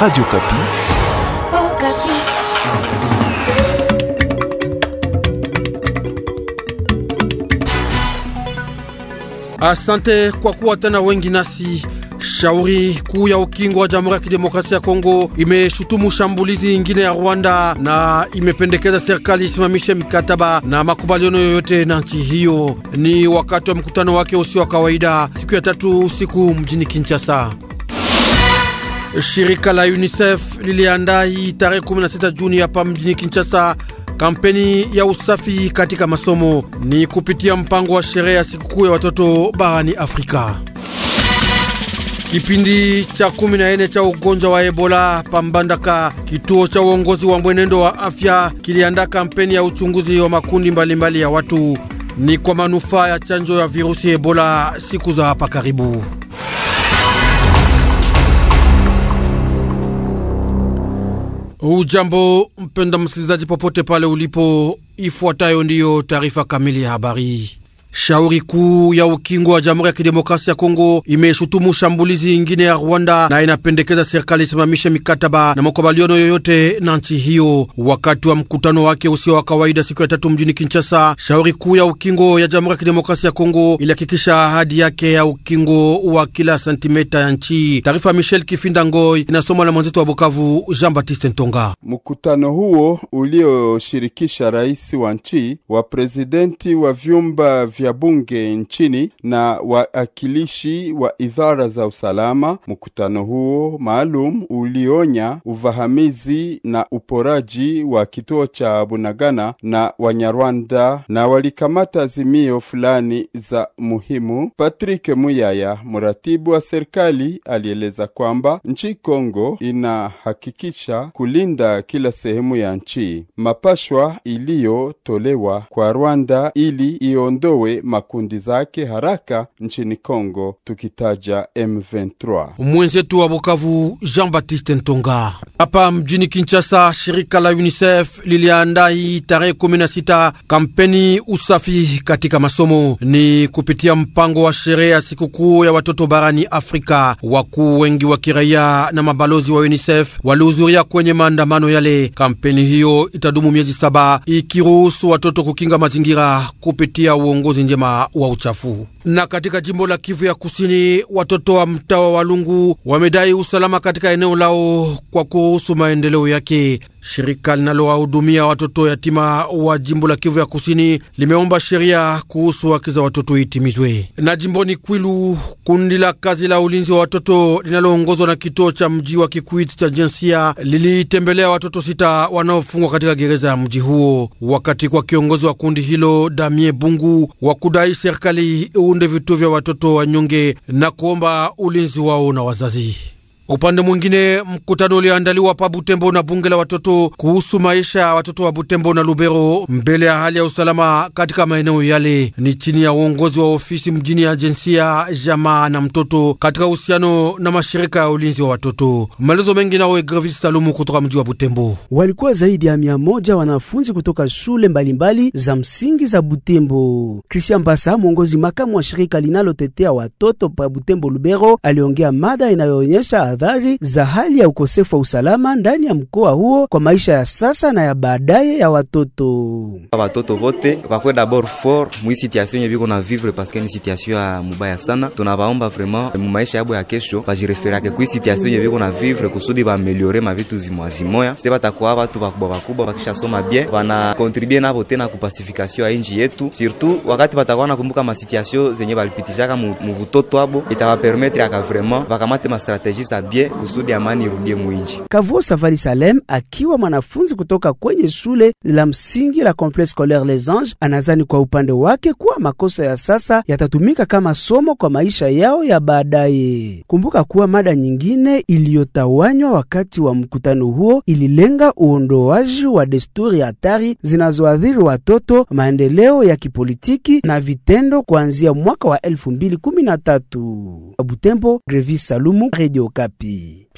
Radio Kapi. Oh, Kapi. Asante kwa kuwa tena wengi nasi. Shauri kuu ya ukingo wa Jamhuri ya Kidemokrasia ya Kongo imeshutumu shambulizi nyingine ya Rwanda na imependekeza serikali isimamishe mikataba na makubaliano yoyote na nchi hiyo. Ni wakati wa mkutano wake usio wa kawaida siku ya tatu usiku mjini Kinshasa. Shirika la UNICEF liliandaa hii tarehe 16 Juni hapa mjini Kinshasa kampeni ya usafi katika masomo ni kupitia mpango wa sherehe ya sikukuu ya watoto barani Afrika. Kipindi cha 14 cha ugonjwa wa Ebola pambandaka, kituo cha uongozi wa mwenendo wa afya kiliandaa kampeni ya uchunguzi wa makundi mbalimbali mbali ya watu, ni kwa manufaa ya chanjo ya virusi Ebola siku za hapa karibu. Ujambo mpenda msikilizaji, popote pale ulipo, ifuatayo ndiyo taarifa kamili ya habari. Shauri kuu ya ukingo wa Jamhuri ya Kidemokrasia ya Kongo imeshutumu shambulizi ingine ya Rwanda na inapendekeza serikali isimamishe mikataba na makubaliano yoyote na nchi hiyo. Wakati wa mkutano wake usio wa kawaida siku ya tatu mjini Kinshasa, shauri kuu ya ukingo ya Jamhuri ya Kidemokrasia ya Kongo ilihakikisha ahadi yake ya ukingo wa kila sentimeta ya nchi. Taarifa ya Michel Kifinda Ngoi inasomwa na mwenzetu wa Bukavu, Jean Baptiste Ntonga. Mkutano huo ulioshirikisha rais wa nchi wa prezidenti wa vyumba vya bunge nchini na waakilishi wa idhara za usalama. Mkutano huo maalum ulionya uvahamizi na uporaji wa kituo cha Bunagana na Wanyarwanda na walikamata azimio fulani za muhimu. Patrick Muyaya, mratibu wa serikali, alieleza kwamba nchi Kongo inahakikisha kulinda kila sehemu ya nchi. Mapashwa iliyotolewa kwa Rwanda ili iondowe yawe makundi zake haraka nchini Kongo, tukitaja M23. Mwenzetu wa Bukavu Jean Baptiste Ntonga. Hapa mjini Kinshasa, shirika la UNICEF liliandai tarehe 16 kampeni usafi katika masomo, ni kupitia mpango wa sherehe ya sikukuu ya watoto barani Afrika. Wakuu wengi wa kiraia na mabalozi wa UNICEF walihudhuria kwenye maandamano yale. Kampeni hiyo itadumu miezi saba ikiruhusu watoto kukinga mazingira kupitia uongozi kazi njema wa uchafu. Na katika jimbo la Kivu ya Kusini, watoto wa mtaa wa Walungu wamedai usalama katika eneo lao kwa kuhusu maendeleo yake. Shirika linalowahudumia watoto yatima wa jimbo la Kivu ya Kusini limeomba sheria kuhusu haki za watoto itimizwe. Na jimboni Kwilu, kundi la kazi la ulinzi wa watoto linaloongozwa na kituo cha mji wa Kikwit cha jinsia lilitembelea watoto sita wanaofungwa katika gereza ya mji huo, wakati kwa kiongozi wa kundi hilo Damie Bungu wa kudai serikali iunde vituo vya watoto wanyonge na kuomba ulinzi wao na wazazi. Upande mwingine, mkutano uliandaliwa pa Butembo na bunge la watoto kuhusu maisha ya watoto wa Butembo na Lubero mbele ya hali ya usalama katika maeneo yale, ni chini ya uongozi wa ofisi mjini ya jinsia, jamaa na mtoto katika uhusiano na mashirika ya ulinzi wa watoto. Maelezo mengi nawe Grevis Salumu kutoka mji wa Butembo. Walikuwa zaidi ya mia moja wanafunzi kutoka shule mbalimbali mbali za msingi za Butembo. Christian Mbasa, mwongozi makamu wa shirika linalotetea watoto pa Butembo Lubero, aliongea mada inayoonyesha tahadhari za hali ya ukosefu wa usalama ndani ya mkoa huo kwa maisha ya sasa na ya baadaye ya watoto. Watoto vote wakwe dabord fort mwi situation yenye biko na vivre parce ni situation ya mubaya sana. Tunabaomba vraiment mu maisha yabo ya kesho bajireferake kwi situation yenye viko na vivre kusudi baameliore mavitu zimwazimoya se batakuwa batu bakubwa bakubwa bakishasoma bien wana kontribue nabo tena kupasifikasio ya inji yetu surtout wakati batakuwa nakumbuka masituasio zenye balipitishaka mu butoto abo itabapermetre aka vraiment vakamate mastrategie za bien kusudi amani irudie mwinji. Kavuo Safari Salem akiwa mwanafunzi kutoka kwenye shule la msingi la Complexe Scolaire Les Anges anazani kwa upande wake kuwa makosa ya sasa yatatumika kama somo kwa maisha yao ya baadaye. Kumbuka kuwa mada nyingine iliyotawanywa wakati wa mkutano huo ililenga uondoaji wa desturi hatari zinazoathiri watoto, maendeleo ya kipolitiki na vitendo kuanzia mwaka wa 2013. Abutembo, Grevis Salumu, Radio Okapi. B.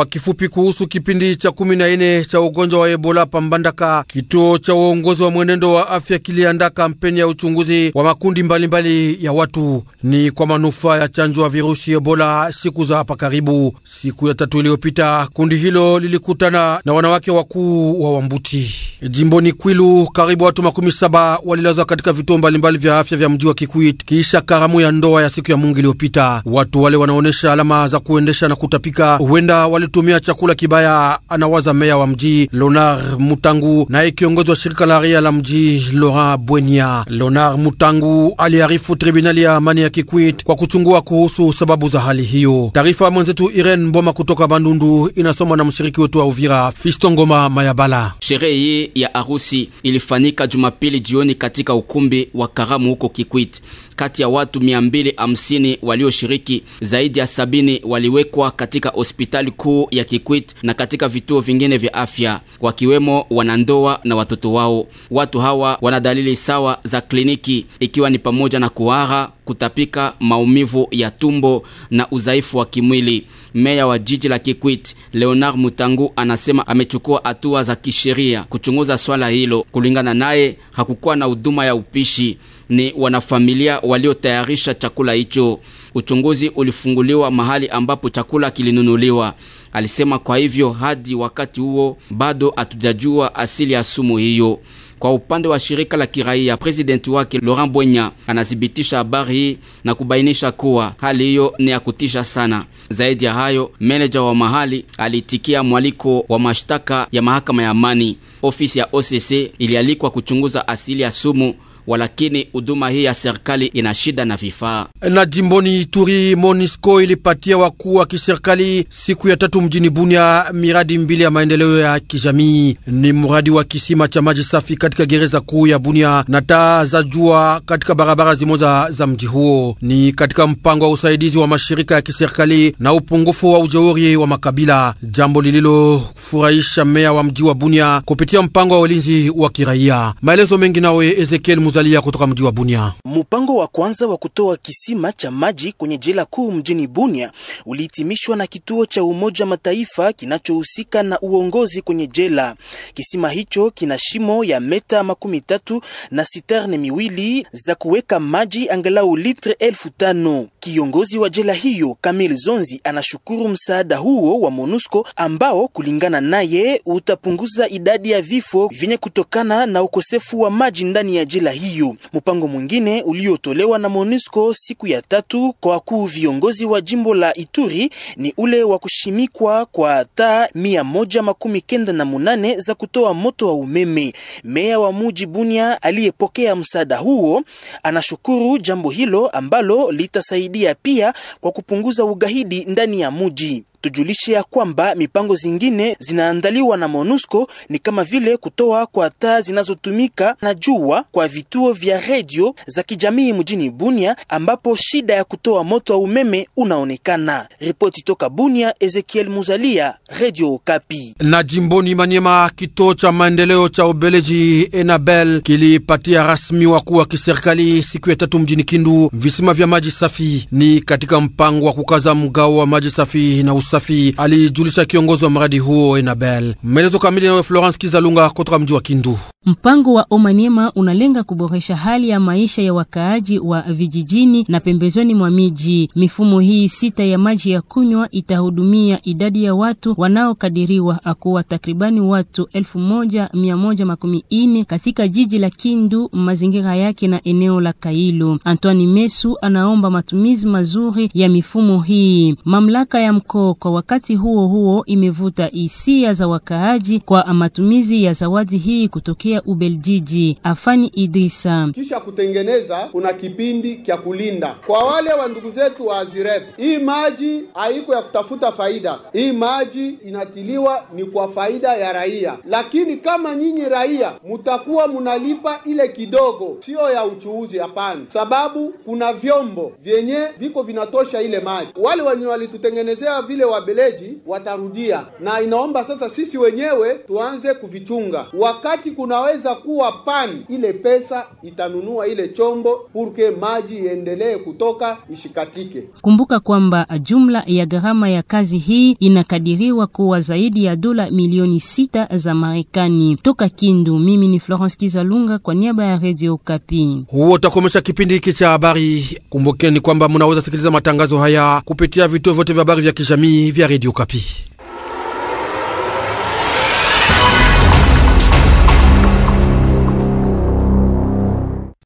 Kwa kifupi kuhusu kipindi cha 14 cha ugonjwa wa Ebola pambandaka, kituo cha uongozi wa mwenendo wa afya kiliandaa kampeni ya uchunguzi wa makundi mbalimbali mbali ya watu, ni kwa manufaa ya chanjo ya virusi Ebola. Siku za hapa karibu, siku ya tatu iliyopita, kundi hilo lilikutana na wanawake wakuu wa Wambuti jimboni Kwilu. Karibu watu makumi saba walilazwa katika vituo mbalimbali vya afya vya mji wa Kikwit kisha karamu ya ndoa ya siku ya Mungu iliyopita. Watu wale wanaonesha alama za kuendesha na kutapika, huenda wali walitumia chakula kibaya, anawaza meya wa mji Leonard Mutangu naye kiongozi wa shirika la ria la mji Laurent Bwenya. Leonard Mutangu aliarifu tribunali ya amani ya Kikwit kwa kuchungua kuhusu sababu za hali hiyo. Taarifa ya mwenzetu Irene Mboma kutoka Bandundu inasomwa na mshiriki wetu wa Uvira fistongoma Mayabala. Sherehe hii ya arusi ilifanyika Jumapili jioni katika ukumbi wa karamu huko Kikwit kati ya watu 250 walioshiriki, zaidi ya sabini waliwekwa katika hospitali kuu ya Kikwit na katika vituo vingine vya afya, wakiwemo wanandoa na watoto wao. Watu hawa wana dalili sawa za kliniki, ikiwa ni pamoja na kuhara kutapika, maumivu ya tumbo na udhaifu wa kimwili. Meya wa jiji la Kikwit Leonard Mutangu anasema amechukua hatua za kisheria kuchunguza swala hilo. Kulingana naye, hakukuwa na huduma ya upishi ni wanafamilia waliotayarisha chakula hicho. Uchunguzi ulifunguliwa mahali ambapo chakula kilinunuliwa. Alisema kwa hivyo hadi wakati huo bado hatujajua asili ya sumu hiyo. Kwa upande wa shirika la kiraia, presidenti wake Laurent Bwenya anathibitisha habari hii na kubainisha kuwa hali hiyo ni ya kutisha sana. Zaidi ya hayo, meneja wa mahali aliitikia mwaliko wa mashtaka ya mahakama ya amani. Ofisi ya OCC ilialikwa kuchunguza asili ya sumu walakini huduma hii ya serikali ina shida na vifaa. Na jimboni Ituri, Monisco ilipatia wakuu wa kiserikali siku ya tatu mjini Bunia miradi mbili ya maendeleo ya kijamii. Ni mradi wa kisima cha maji safi katika gereza kuu ya Bunia na taa za jua katika barabara zimoja za mji huo. Ni katika mpango wa usaidizi wa mashirika ya kiserikali na upungufu wa ujeuri wa makabila, jambo lililofurahisha meya wa mji wa Bunia kupitia mpango wa ulinzi wa kiraia. Maelezo mengi nawe Ezekiel Muza Muzalia kutoka mji wa Bunia. Mpango wa kwanza wa kutoa kisima cha maji kwenye jela kuu mjini Bunia ulihitimishwa na kituo cha Umoja Mataifa kinachohusika na uongozi kwenye jela. Kisima hicho kina shimo ya meta makumi tatu na siterne miwili za kuweka maji angalau litre elfu tano. Kiongozi wa jela hiyo Kamil Zonzi anashukuru msaada huo wa MONUSCO ambao kulingana naye utapunguza idadi ya vifo vyenye kutokana na ukosefu wa maji ndani ya jela hiyo. Mpango mwingine uliotolewa na MONUSCO siku ya tatu kwa wakuu viongozi wa jimbo la Ituri ni ule wa kushimikwa kwa taa mia moja makumi kenda na munane za kutoa moto wa umeme. Meya wa muji Bunia aliyepokea msaada huo anashukuru jambo hilo ambalo litasaidia itasaidia pia kwa kupunguza ugaidi ndani ya muji. Tujulishe ya kwamba mipango zingine zinaandaliwa na MONUSCO ni kama vile kutoa kwa taa zinazotumika na jua kwa vituo vya redio za kijamii mjini Bunia ambapo shida ya kutoa moto wa umeme unaonekana. Ripoti toka Bunia, Ezekiel Muzalia, Radio Okapi. Na jimboni Manyema, kituo cha maendeleo cha Ubeleji Enabel kilipatia rasmi wakuu wa kiserikali siku ya tatu mjini Kindu visima vya maji safi, ni katika mpango wa kukaza mgao wa maji safi na usi safi, alijulisha kiongozi wa mradi huo Enabel. Maelezo kamili nawe Florence Kizalunga kutoka mji wa Kindu. Mpango wa omanema unalenga kuboresha hali ya maisha ya wakaaji wa vijijini na pembezoni mwa miji. Mifumo hii sita ya maji ya kunywa itahudumia idadi ya watu wanaokadiriwa akuwa takribani watu elfu moja mia moja makumi ine katika jiji la Kindu, mazingira yake na eneo la Kailo. Antoine Mesu anaomba matumizi mazuri ya mifumo hii. Mamlaka ya mkoa kwa wakati huo huo imevuta hisia za wakaaji kwa matumizi ya zawadi hii kutokea Ubeljiji. Afani Idrisa: kisha kutengeneza, kuna kipindi kya kulinda kwa wale wa ndugu zetu wa Azirep. Hii maji haiko ya kutafuta faida, hii maji inatiliwa ni kwa faida ya raia, lakini kama nyinyi raia mutakuwa munalipa ile kidogo, sio ya uchuuzi, hapana, sababu kuna vyombo vyenye viko vinatosha ile maji. Wale wenye walitutengenezea vile wabeleji watarudia, na inaomba sasa sisi wenyewe tuanze kuvichunga. Wakati kunaweza kuwa pani, ile pesa itanunua ile chombo purke maji iendelee kutoka ishikatike. Kumbuka kwamba jumla ya gharama ya kazi hii inakadiriwa kuwa zaidi ya dola milioni sita za Marekani. Toka Kindu, mimi ni Florence Kizalunga kwa niaba ya Radio Kapi. Huo utakomesha kipindi hiki cha habari. Kumbukeni kwamba munaweza sikiliza matangazo haya kupitia vituo vyote vya habari vya kijamii via Radio